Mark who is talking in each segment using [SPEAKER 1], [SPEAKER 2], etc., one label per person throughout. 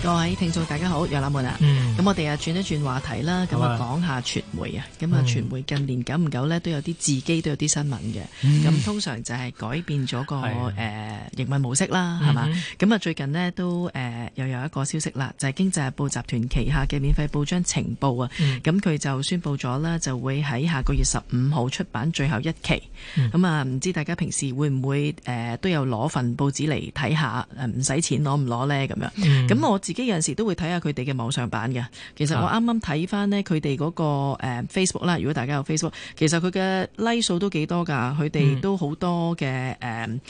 [SPEAKER 1] 各位聽眾大家好，楊立門啊，咁、嗯、我哋啊轉一轉話題啦，咁啊講下傳媒啊，咁啊傳媒近年久唔久咧都有啲自己都有啲新聞嘅，咁、嗯、通常就係改變咗個誒營運模式啦，係嘛、嗯哼，咁啊最近呢都誒、呃、又有一個消息啦，就係、是、經濟日報集團旗下嘅免費報章《晴報》啊、嗯，咁佢就宣佈咗啦，就會喺下個月十五號出版最後一期，咁啊唔知大家平時會唔會誒、呃、都有攞份報紙嚟睇下，唔使錢攞唔攞呢？咁樣，咁、嗯、我。自己有陣時都會睇下佢哋嘅網上版嘅，其實我啱啱睇返呢，佢哋嗰個 Facebook 啦，如果大家有 Facebook，其實佢嘅 Like 數都幾多㗎，佢哋都好多嘅誒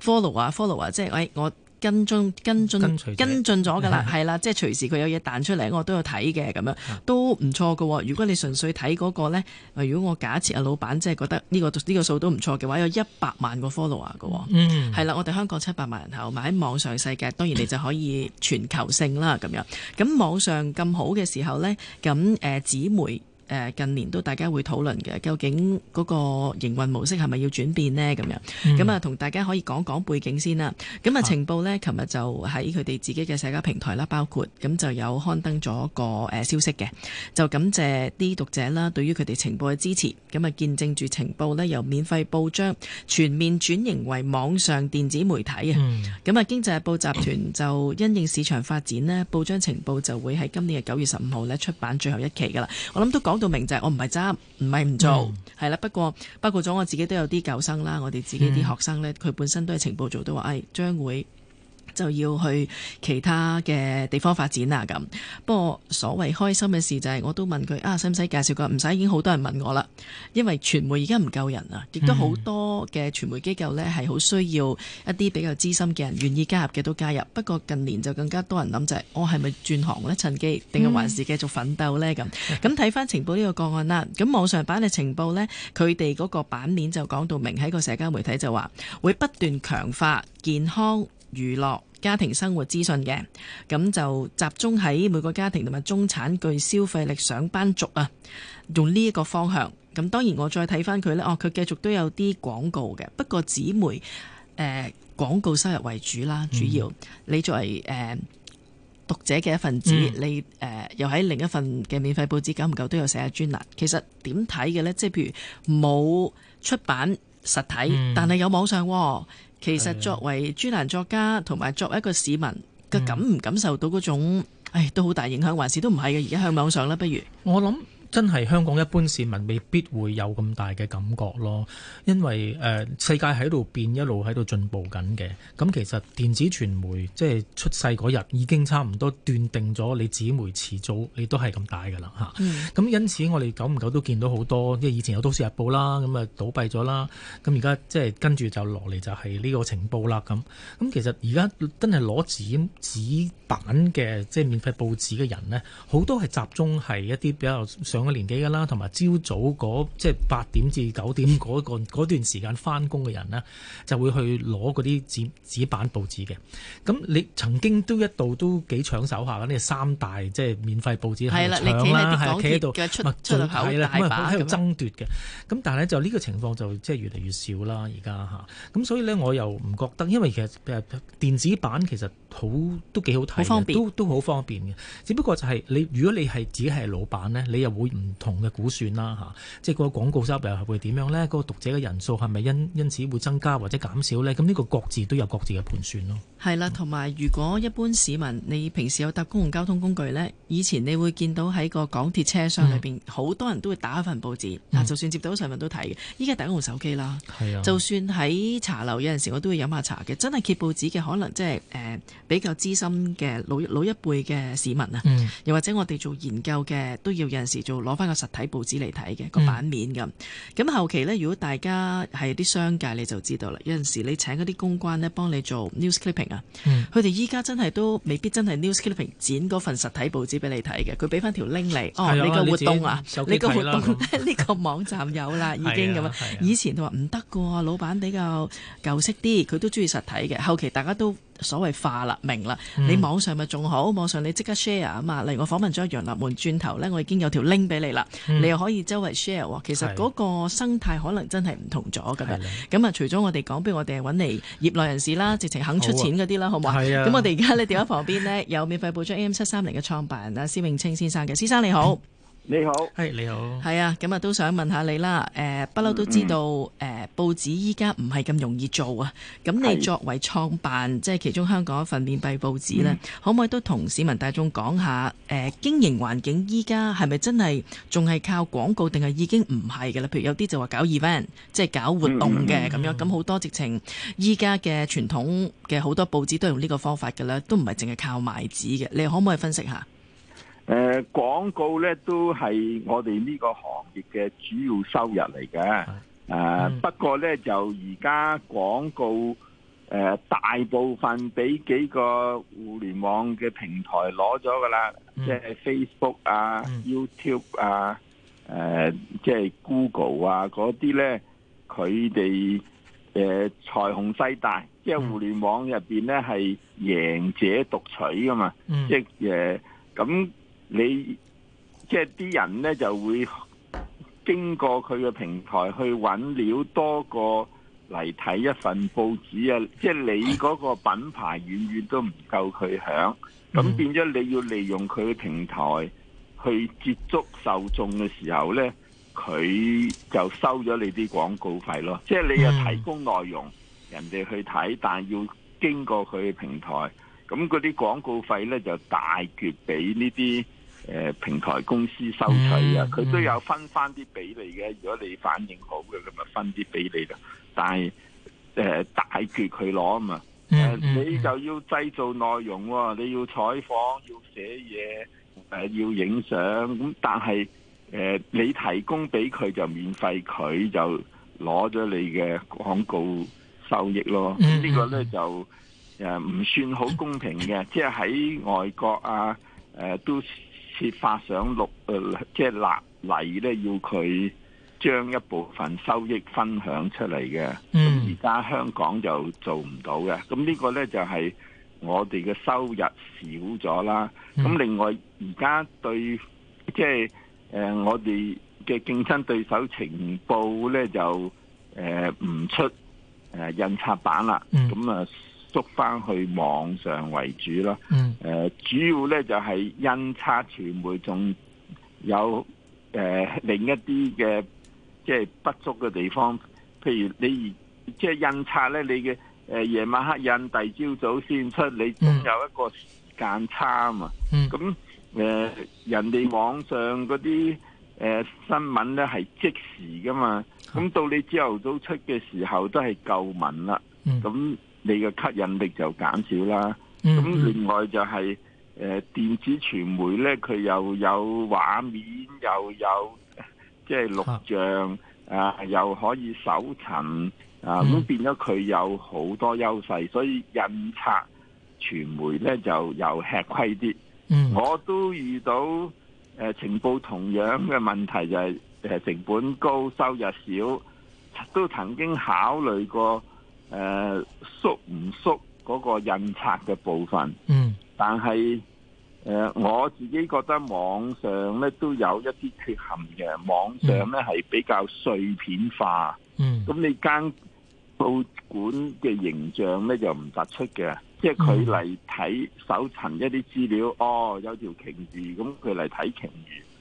[SPEAKER 1] follow 啊、er, follow 啊、嗯，即係喂我。跟進跟進跟,跟進咗㗎啦，係啦的，即係隨時佢有嘢彈出嚟，我都有睇嘅咁樣，都唔錯喎。如果你純粹睇嗰、那個呢，如果我假設阿老闆即係覺得呢、這個呢、這個數都唔錯嘅話，有一百萬個 follower 嘅，嗯，係啦，我哋香港七百萬人口，埋喺網上世界，當然你就可以全球性啦咁樣。咁網上咁好嘅時候呢，咁姊、呃、妹。誒近年都大家會討論嘅，究竟嗰個營運模式係咪要轉變呢？咁樣，咁啊同大家可以講講背景先啦。咁啊、嗯，晴報呢，琴日就喺佢哋自己嘅社交平台啦，包括咁就有刊登咗個誒消息嘅，就感謝啲讀者啦，對於佢哋晴報嘅支持。咁啊，見證住晴報呢，由免費報章全面轉型為網上電子媒體啊。咁啊、嗯，經濟日報集團就因應市場發展呢，報章晴報就會喺今年嘅九月十五號呢出版最後一期㗎啦。我諗都講。到明，明就係我唔係執，唔係唔做，係啦、嗯。不過包括咗我自己都有啲舊生啦，我哋自己啲學生呢，佢、嗯、本身都係晴報做，都話，誒、哎，將會。就要去其他嘅地方發展啊！咁不過，所謂開心嘅事就係我都問佢啊，使唔使介紹過，唔使，已經好多人問我啦。因為傳媒而家唔夠人啊，亦都好多嘅傳媒機構呢，係好需要一啲比較資深嘅人，願意加入嘅都加入。不過近年就更加多人諗，就係我係咪轉行呢？趁機定係還，還是繼續奮鬥呢？咁咁睇返晴報呢個個案啦。咁網上版嘅晴報呢，佢哋嗰個版面就講到明，喺個社交媒體就話會不斷強化健康、娛樂、家庭生活資訊嘅，咁就集中喺每個家庭同埋中產具消費力上班族啊，用呢一個方向。咁當然我再睇返佢呢，哦，佢繼續都有啲廣告嘅，不過紙媒誒廣告收入為主啦，主要。嗯、你作為誒、呃、讀者嘅一份子，嗯、你誒、呃、又喺另一份嘅免費報紙久唔久都有寫下專欄，其實點睇嘅呢？即係譬如冇出版。實體，但係有網上，嗯、其實作為專欄作家同埋作為一個市民，嘅感唔感受到嗰種，唉，都好大影響，還是都唔係嘅。而家向網上啦，不如我諗。真係香
[SPEAKER 2] 港一般市民未必會有咁大嘅感覺咯，因為誒、呃、世界喺度變，一路喺度進步緊嘅。咁其實電子傳媒即係出世嗰日已經差唔多斷定咗，你紙媒遲早你都係咁大㗎啦吓，咁、嗯、因此我哋久唔久都見到好多，即係以前有《都市日報》啦，咁啊倒閉咗啦。咁而家即係跟住就落嚟就係呢個晴報啦咁。咁其實而家真係攞紙紙版嘅即係免費報紙嘅人咧，好多係集中係一啲比較上個年紀噶啦，同埋朝早嗰即係八點至九點嗰個段時間翻工嘅人呢，就會去攞嗰啲紙紙板報紙嘅。咁你曾經都一度都幾搶手下嘅，呢三大即係免費報紙係搶企喺度嘅出出嚟派啦，喺度爭奪嘅。咁但係咧就呢個情況就即係越嚟越少啦，而家吓。咁所以咧我又唔覺得，因為其實誒電子版其實。好都幾好睇嘅，都都好方便嘅。只不過就係、是、你，如果你係自己係老闆呢，你又會唔同嘅估算啦嚇、啊。即係個廣告收入會點樣呢？嗰、那個讀者嘅人數係咪因因此會增加或者減少呢？咁呢個各自都有各自嘅盤算咯。
[SPEAKER 1] 係啦的，同埋、嗯、如果一般市民，你平時有搭公共交通工具呢，以前你會見到喺個港鐵車廂裏邊好多人都會打一份報紙，嗱、嗯、就算接到上聞都睇嘅。依家打開部手機啦，的就算喺茶樓有陣時我都會飲下茶嘅，真係揭報紙嘅可能即、就、係、是呃比較資深嘅老老一輩嘅市民啊，嗯、又或者我哋做研究嘅都要有陣時做攞翻個實體報紙嚟睇嘅個版面咁。咁、嗯、後期呢，如果大家係啲商界你就知道啦，有陣時你請嗰啲公關呢幫你做 news clipping 啊，佢哋依家真係都未必真係 news clipping 剪嗰份實體報紙俾你睇嘅，佢俾翻條 link 嚟，的哦，你個活動啊，你個活動呢、啊、 個網站有啦，已經咁。以前佢話唔得嘅喎，老闆比較舊式啲，佢都中意實體嘅。後期大家都。所謂化啦，明啦，嗯、你網上咪仲好，網上你即刻 share 啊嘛。例如我訪問咗楊立門，轉頭咧，我已經有條 link 俾你啦，嗯、你又可以周圍 share。其實嗰個生態可能真係唔同咗咁樣咁啊，除咗的我哋講，不如我哋搵嚟業內人士啦，直情肯出錢嗰啲啦，好啊。咁嗎的我哋而家咧，電話旁邊呢， 有免費報章 AM 七三零嘅創辦人啊，施 永青先生嘅，先生你好。
[SPEAKER 2] 你好，係、hey, 你好，係
[SPEAKER 1] 啊，咁啊都想問下你啦。誒、呃，不嬲都知道，誒、嗯呃，報紙依家唔係咁容易做啊。咁你作為創辦，是即係其中香港一份免費報紙呢，嗯、可唔可以都同市民大眾講下？誒、呃，經營環境依家係咪真係仲係靠廣告，定係已經唔係噶啦？譬如有啲就話搞 event，即係搞活動嘅咁、嗯、樣，咁好多直情依家嘅傳統嘅好多報紙都用呢個方法噶啦，都唔係淨係靠賣紙嘅。你可唔可以分析下？
[SPEAKER 3] 誒，廣告咧都係我哋呢個行業嘅主要收入嚟嘅。誒、嗯，不過咧就而家廣告誒、呃，大部分俾幾個互聯網嘅平台攞咗噶啦，即係、嗯、Facebook 啊、啊 YouTube 啊、誒、呃，即、就、係、是、Google 啊嗰啲咧，佢哋誒財雄勢大，即、就、係、是、互聯網入邊咧係贏者獨取噶嘛，即誒咁。就是呃你即係啲人咧，就會經過佢嘅平台去揾料，多過嚟睇一份報紙啊！即係你嗰個品牌遠遠都唔夠佢響，咁變咗你要利用佢嘅平台去接觸受眾嘅時候咧，佢就收咗你啲廣告費咯。即係你又提供內容，人哋去睇，但要經過佢嘅平台，咁嗰啲廣告費咧就大絕俾呢啲。誒，平台公司收取啊，佢都有分翻啲俾你嘅。如果你反應好嘅，咁咪分啲俾你咯。但係誒、呃，大決佢攞啊嘛，誒， 你就要製造內容，啊，你要採訪，要寫嘢，誒、呃，要影相。咁但係誒、呃，你提供俾佢就免費，佢就攞咗你嘅廣告收益咯。這個、呢個咧就誒，唔算好公平嘅。即係喺外國啊，誒、呃，都。設法上六，即係、呃就是、立例咧，要佢將一部分收益分享出嚟嘅。咁而家香港就做唔到嘅。咁呢個咧就係、是、我哋嘅收入少咗啦。咁另外現在，而家對即係誒，我哋嘅競爭對手晴報咧就誒唔、呃、出誒、呃、印刷版啦。咁啊、嗯。捉翻去網上為主啦，誒、嗯呃，主要咧就係印刷傳媒仲有誒、呃、另一啲嘅即係不足嘅地方，譬如你即係印刷咧，你嘅誒、呃、夜晚黑印，第朝早先出，你仲有一個時間差啊嘛，咁誒、嗯呃、人哋網上嗰啲誒新聞咧係即時噶嘛，咁到你朝頭早出嘅時候都係舊聞啦，咁、嗯。你嘅吸引力就減少啦。咁、嗯、另外就係誒電子傳媒呢，佢又有畫面，又有即係、就是、錄像，啊，啊，又可以搜尋，啊，咁、嗯、變咗佢有好多優勢，所以印刷傳媒呢，就又吃虧啲。嗯、我都遇到誒晴報同樣嘅問題，就係成本高，收入少，都曾經考慮過。誒，縮唔縮嗰個印刷嘅部分？嗯，但係誒、呃，我自己覺得網上咧都有一啲缺陷嘅，網上咧係、嗯、比較碎片化。嗯，咁你間報館嘅形象咧就唔突出嘅，即係佢嚟，睇搜尋一啲資料，嗯、哦，有條鯨魚，咁佢嚟睇鯨魚，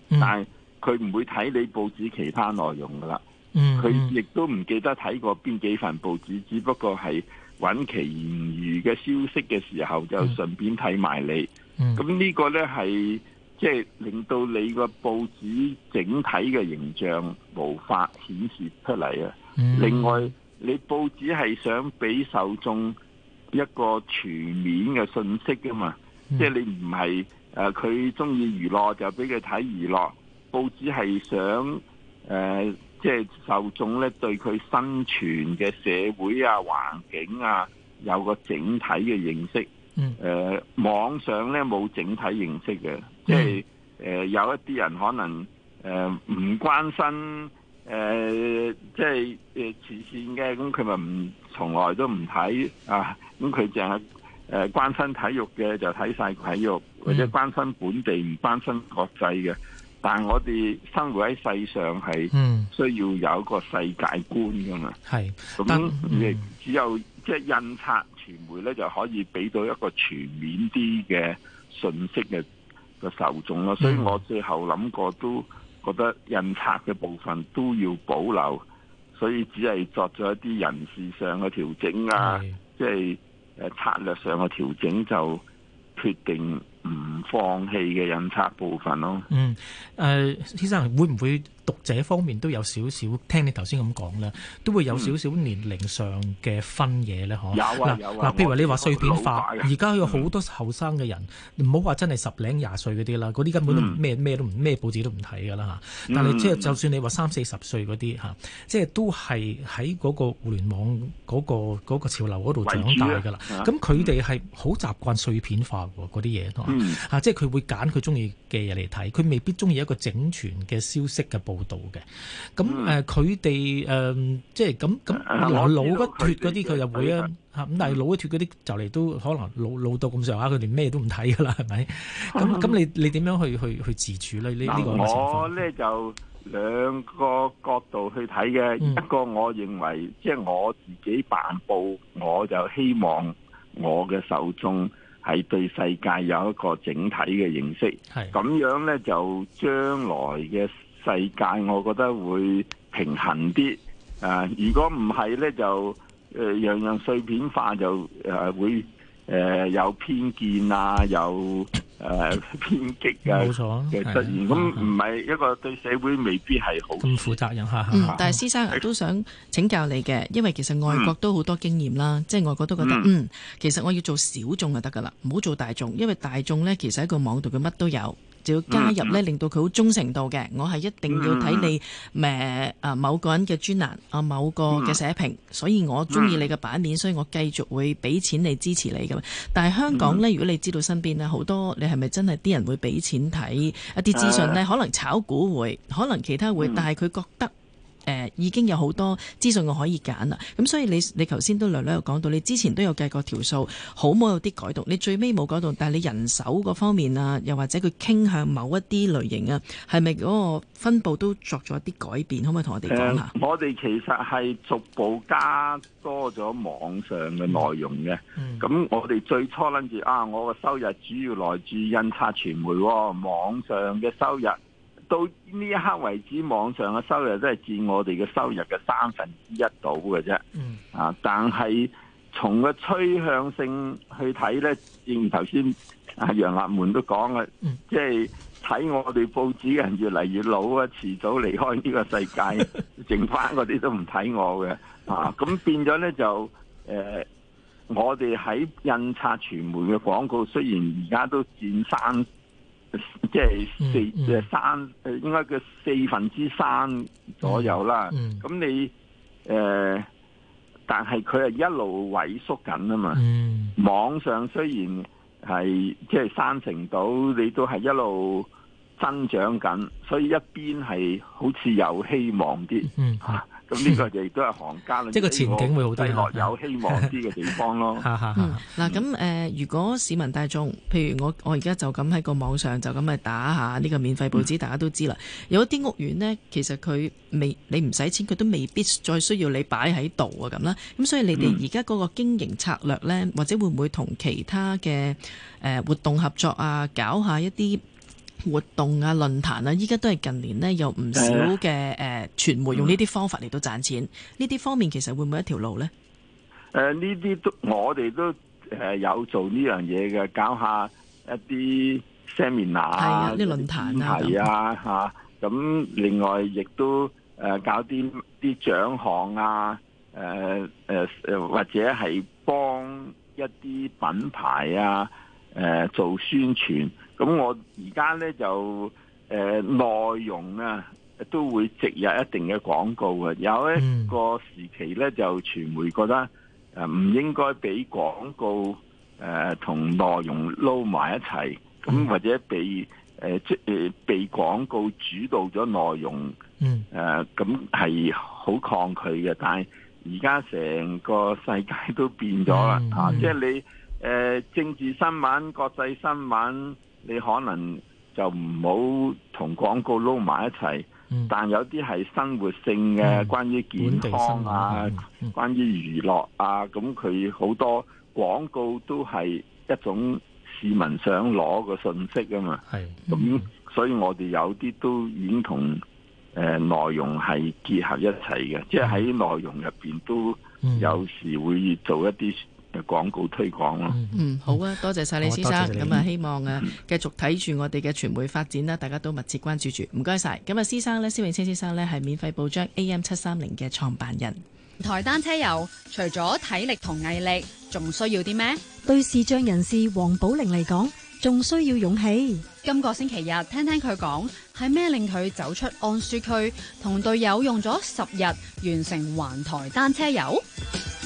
[SPEAKER 3] 嗯、但係佢唔會睇你報紙其他內容噶啦。佢亦都唔記得睇過邊幾份報紙，只不過係揾其馀嘅消息嘅時候就順便睇埋你。咁呢、嗯嗯、個呢，係即係令到你個報紙整體嘅形象無法顯示出嚟啊！嗯、另外，你報紙係想俾受眾一個全面嘅信息㗎嘛？即係、嗯、你唔係誒，佢中意娛樂就俾佢睇娛樂報紙，係想誒。即係受眾咧，對佢生存嘅社會啊、環境啊，有個整體嘅認識。誒，mm. 網上咧冇整體認識嘅，即係誒有一啲人可能誒唔、呃、關心誒，即係誒慈善嘅，咁佢咪唔從來都唔睇啊？咁佢淨係誒關心體育嘅就睇晒體育，或者關心本地唔關心國際嘅。但我哋生活喺世上係需要有一個世界觀噶嘛，咁亦、嗯嗯、只有即係、就是、印刷傳媒咧就可以俾到一個全面啲嘅信息嘅嘅受眾咯。所以我最後諗過都覺得印刷嘅部分都要保留，所以只係作咗一啲人事上嘅調整啊，即係誒策略上嘅調整就決定。唔放棄嘅印刷部分咯、哦。嗯，
[SPEAKER 2] 誒、呃，先生會唔會？讀者方面都有少少，聽你頭先咁講咧，都會有少少年齡上嘅分野咧，嗬、嗯。啊有啊，啊有嗱、啊，譬如你話碎片化，而家、啊、有好多後生嘅人，唔好話真係十零廿歲嗰啲啦，嗰啲根本都咩咩、嗯、都唔咩報紙都唔睇噶啦嚇。但係即係就算你話三四十歲嗰啲嚇，即係、嗯啊即係、都係喺嗰個互聯網嗰個嗰個潮流嗰度長大㗎啦。咁佢哋係好習慣碎片化喎，嗰啲嘢嚇，即係佢會揀佢中意嘅嘢嚟睇，佢未必中意一個整全嘅消息嘅報。到嘅咁，誒，佢哋誒，即係咁咁，老一脫嗰啲佢又會啊吓咁，但係老一脫嗰啲就嚟都可能老老到咁上下，佢哋咩都唔睇噶啦，係咪？咁咁，你你點樣去去去自處咧？呢呢個我
[SPEAKER 3] 咧就兩個角度去睇嘅，一個我認為即係我自己辦報，我就希望我嘅受眾係對世界有一個整體嘅認識，咁樣咧就將來嘅。世界，我覺得會平衡啲啊！如果唔係呢，就誒、呃、樣樣碎片化就誒、呃、會誒、呃、有偏見啊，有誒、呃、偏激啊冇錯。咁唔係一個對社會未必係
[SPEAKER 2] 好咁負責任嚇，但係施
[SPEAKER 1] 生是的都想請教你嘅，因為其實外國都好多經驗啦，嗯、即係外國都覺得嗯，嗯其實我要做小眾就得噶啦，唔好做大眾，因為大眾呢，其實喺個網度嘅乜都有。要加入咧，令到佢好忠誠度嘅，我係一定要睇你誒啊、嗯呃、某個人嘅專欄啊某個嘅社評，嗯、所以我中意你嘅版面，嗯、所以我繼續會俾錢你支持你咁。但係香港呢，如果你知道身邊咧好多，你係咪真係啲人會俾錢睇一啲資訊呢，可能炒股會，可能其他會，嗯、但係佢覺得。誒已經有好多資訊我可以揀啦，咁所以你你頭先都略略有講到，你之前都有計過條數，好冇有啲改動？你最尾冇改動，但係你人手嗰方面啊，又或者佢傾向某一啲類型啊，係咪嗰個分佈都作咗一啲改變？可唔可以同我哋講下？
[SPEAKER 3] 我哋其實係逐步加多咗網上嘅內容嘅，咁我哋最初諗住啊，我個收入主要來自印刷傳媒，網上嘅收入。到呢一刻為止，網上嘅收入都係佔我哋嘅收入嘅三分之一到嘅啫。啊，但係從個趨向性去睇呢，正如頭先阿楊立門都講嘅，即係睇我哋報紙嘅人越嚟越老啊，遲早離開呢個世界，剩翻嗰啲都唔睇我嘅。啊，咁變咗呢，就誒、呃，我哋喺印刷傳媒嘅廣告，雖然而家都佔三。即係四誒三誒，嗯嗯、應該嘅四分之三左右啦。咁、嗯嗯、你誒、呃，但係佢係一路萎縮緊啊嘛。嗯、網上雖然係即係三成到，你都係一路增長緊，所以一邊係好似有希望啲、嗯。嗯。啊咁呢個亦都係行家，即係、嗯、個前景會好低落，有希望啲嘅地方咯。
[SPEAKER 1] 嗱咁誒，如果市民大眾，譬如我我而家就咁喺個網上就咁去打下呢、呢個免費報紙，大家都知啦。嗯、有一啲屋苑呢，其實佢未你唔使錢，佢都未必再需要你擺喺度啊咁啦。咁所以你哋而家嗰個經營策略呢，或者會唔會同其他嘅誒活動合作啊，搞一下一啲活動啊，論壇啊、論壇啦，依家都係近年咧，有唔少嘅誒傳媒用呢啲方法嚟到賺錢。呢啲、嗯、方面其實會唔會一條路咧？
[SPEAKER 3] 誒、呃，呢啲都我哋都誒有做呢樣嘢嘅，搞一下一啲 seminar 啊，
[SPEAKER 1] 啲論壇啊，係啊
[SPEAKER 3] 吓。咁另外亦都誒搞啲啲獎項啊，誒誒誒或者係幫一啲品牌啊，誒做宣傳。咁我而家呢，就誒內、呃、容啊，都會植入一定嘅廣告嘅。有一個時期呢，就傳媒覺得誒唔、呃、應該俾廣告誒同內容撈埋一齊，咁、呃、或者被誒即、呃呃、被廣告主導咗內容，誒咁係好抗拒嘅。但係而家成個世界都變咗啦，嗯啊、即係你誒、呃、政治新聞、國際新聞。你可能就唔好同廣告撈埋一齊，嗯、但有啲係生活性嘅、啊，嗯、關於健康啊，關於娛樂啊，咁佢好多廣告都係一種市民想攞個信息啊嘛。咁是所以我哋有啲都已經同誒內容係結合一齊嘅，即係喺內容入面都有時會做一啲。嘅廣告推廣
[SPEAKER 1] 咯。嗯，好啊，多謝晒施先生，咁啊、嗯，希望啊繼續睇住我哋嘅傳媒發展啦，大家都密切關注住。唔該晒，咁啊，先生呢，施永青先生呢，係免費報章 AM 七三零嘅創辦人。台單車遊除咗體力同毅力，仲需要啲咩？對視障人士黃寶玲嚟講，仲需要勇氣。今個星期日，聽聽佢講係咩令佢走出安舒區，同隊友用咗十日完成環台單車遊。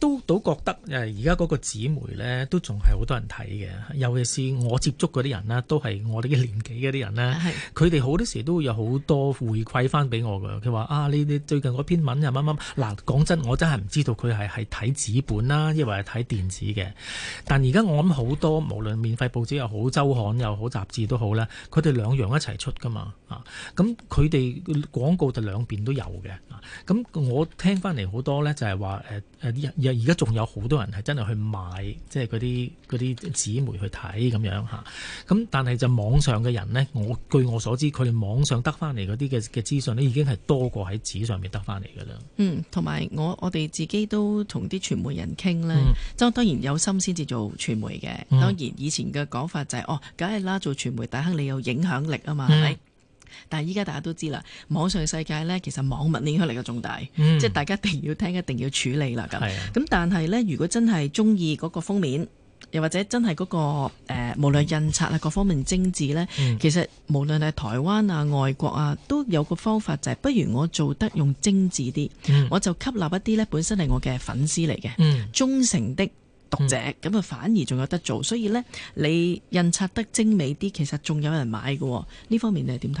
[SPEAKER 2] 都都覺得誒，而家嗰個紙媒呢，都仲係好多人睇嘅。尤其是我接觸嗰啲人呢，都係我哋嘅年紀嗰啲人呢。佢哋的好多時都會有好多回饋翻俾我㗎。佢話啊，你哋最近嗰篇文又乜乜。嗱，講真，我真係唔知道佢係係睇紙本啦，抑或係睇電子嘅。但而家我諗好多，無論免費報紙又好、周刊又好、雜誌都好啦，佢哋兩樣一齊出噶嘛。啊，咁佢哋廣告就兩邊都有嘅。咁我聽翻嚟好多呢，就係話誒誒，而家仲有好多人係真係去買，即係嗰啲啲紙媒去睇咁樣嚇。咁但係就網上嘅人呢，我據我所知，佢哋網上得翻嚟嗰啲嘅嘅資訊咧，已經係多過喺紙上面得翻嚟㗎啦。嗯，
[SPEAKER 1] 同埋我我哋自己都同啲傳媒人傾呢，即係、嗯、當然有心先至做傳媒嘅。當然以前嘅講法就係、是嗯、哦，梗係啦，做傳媒大亨你有影響力啊嘛，係咪、嗯？但係依家大家都知啦，網上世界呢，其實網民影響力嘅重大，嗯、即大家一定要聽，一定要處理啦。咁咁，是的但係呢，如果真係中意嗰個封面，又或者真係嗰、嗰個、呃、無無論印刷啊、嗯、各方面精緻呢，嗯、其實無論係台灣啊、外國啊，都有個方法就係、是，不如我做得用精緻啲，嗯、我就吸納一啲呢本身係我嘅粉絲嚟嘅，嗯、忠誠的讀者，咁啊、嗯、反而仲有得做。所以呢，你印刷得精美啲，其實仲有人買嘅。呢方面你係點睇？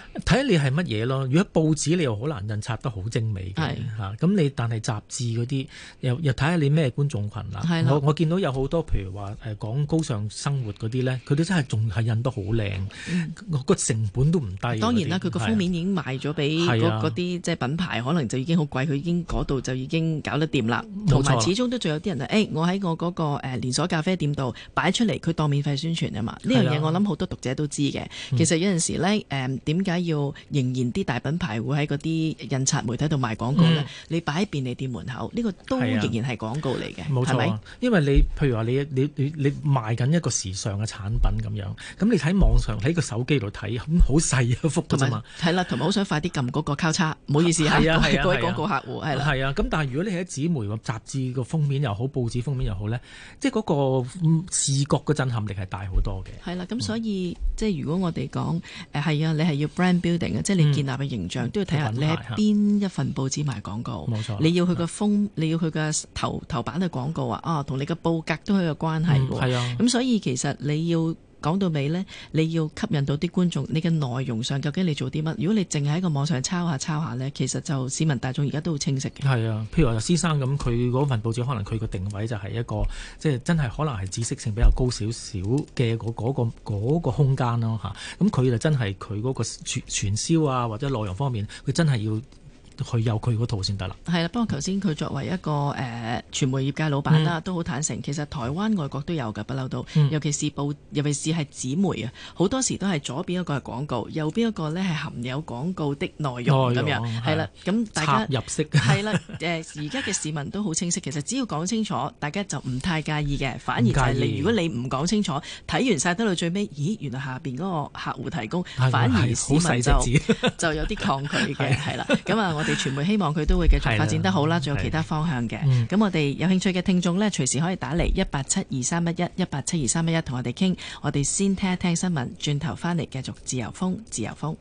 [SPEAKER 1] 睇你係乜嘢咯？如果報紙你又好難印
[SPEAKER 2] 刷得好精美嘅嚇，咁你是、啊、但係雜誌嗰啲又又睇下你咩觀眾群，啦的。我我見到有好多譬如話誒講高尚生活嗰啲咧，佢都真係仲係印得好靚，個、嗯、成本都唔低。當然啦，佢些的個封面
[SPEAKER 1] 已經賣咗俾嗰啲即係品牌，可能就已經好貴，佢已經嗰度就已經搞得掂啦。同埋錯始終都仲有啲人啊、哎，我喺我嗰個誒連鎖咖啡店度擺出嚟，佢當免費宣傳啊嘛。呢的樣嘢我諗好多讀者都知嘅。嗯、其實有陣時咧誒，點、嗯、解？為什麼要仍然啲大品牌會喺嗰啲印刷媒體度賣廣告咧？你擺喺便利店門口，呢個都仍然係廣告嚟嘅。冇錯，
[SPEAKER 2] 因為你譬如話，你你你你賣緊一個時尚嘅產品咁樣，咁你喺網上喺個手機度睇，咁好細一幅噶嘛？
[SPEAKER 1] 係啦，同埋好想快啲撳嗰個交叉，
[SPEAKER 2] 唔好意思，係啊，係啊，各位廣告客戶，係係啊，咁但係如果你喺紙媒個雜誌個封面又好，報紙封面又好咧，即係嗰個視覺嘅震撼力係大好多嘅。
[SPEAKER 1] 係啦，咁所以即係如果我哋講誒係啊，你係要 brand building 即係你建立嘅形象，嗯、都要睇下你喺邊一份報紙賣廣告。冇錯，你要佢個封，嗯、你要佢嘅頭、嗯、頭版嘅廣告啊，啊，同你嘅報格都有關係。係、嗯、啊，咁所以其實你要。講到尾呢，你要吸引到啲觀眾，你嘅內容上究竟你做啲乜？如果你淨係喺個網上抄下抄下呢，其實就市民大眾而家都好清晰嘅。
[SPEAKER 2] 係啊，譬如話先生咁，佢嗰份報紙可能佢個定位就係一個，即係真係可能係知識性比較高少少嘅嗰個嗰個空間咯吓，咁佢就真係佢嗰個傳傳銷啊，或者內容方面，佢真係要。佢有佢嗰套先得啦。
[SPEAKER 1] 係啦，不過頭先佢作為一個誒傳媒業界老闆啦，都好坦誠。其實台灣、外國都有嘅，不嬲都。尤其是報，尤其是係紙媒啊，好多時都係左邊一個係廣告，右邊一個呢係含有廣告的內容咁樣。係啦，咁大家入色。係啦，誒而家嘅市民都好清晰。其實只要講清楚，大家就唔太介意嘅，反而就係你如果你唔講清楚，睇完晒得到最尾，咦，原來下邊嗰個客戶提供，反而市民就就有啲抗拒嘅，係啦。咁啊。 我哋傳媒希望佢都會繼續發展得好啦，仲的有其他方向嘅。咁的我哋有興趣嘅聽眾呢，隨時可以打嚟一八七二三一一，一八七二三一一同我哋傾。我哋先聽一聽新聞，轉頭翻嚟繼續自由風，自由風。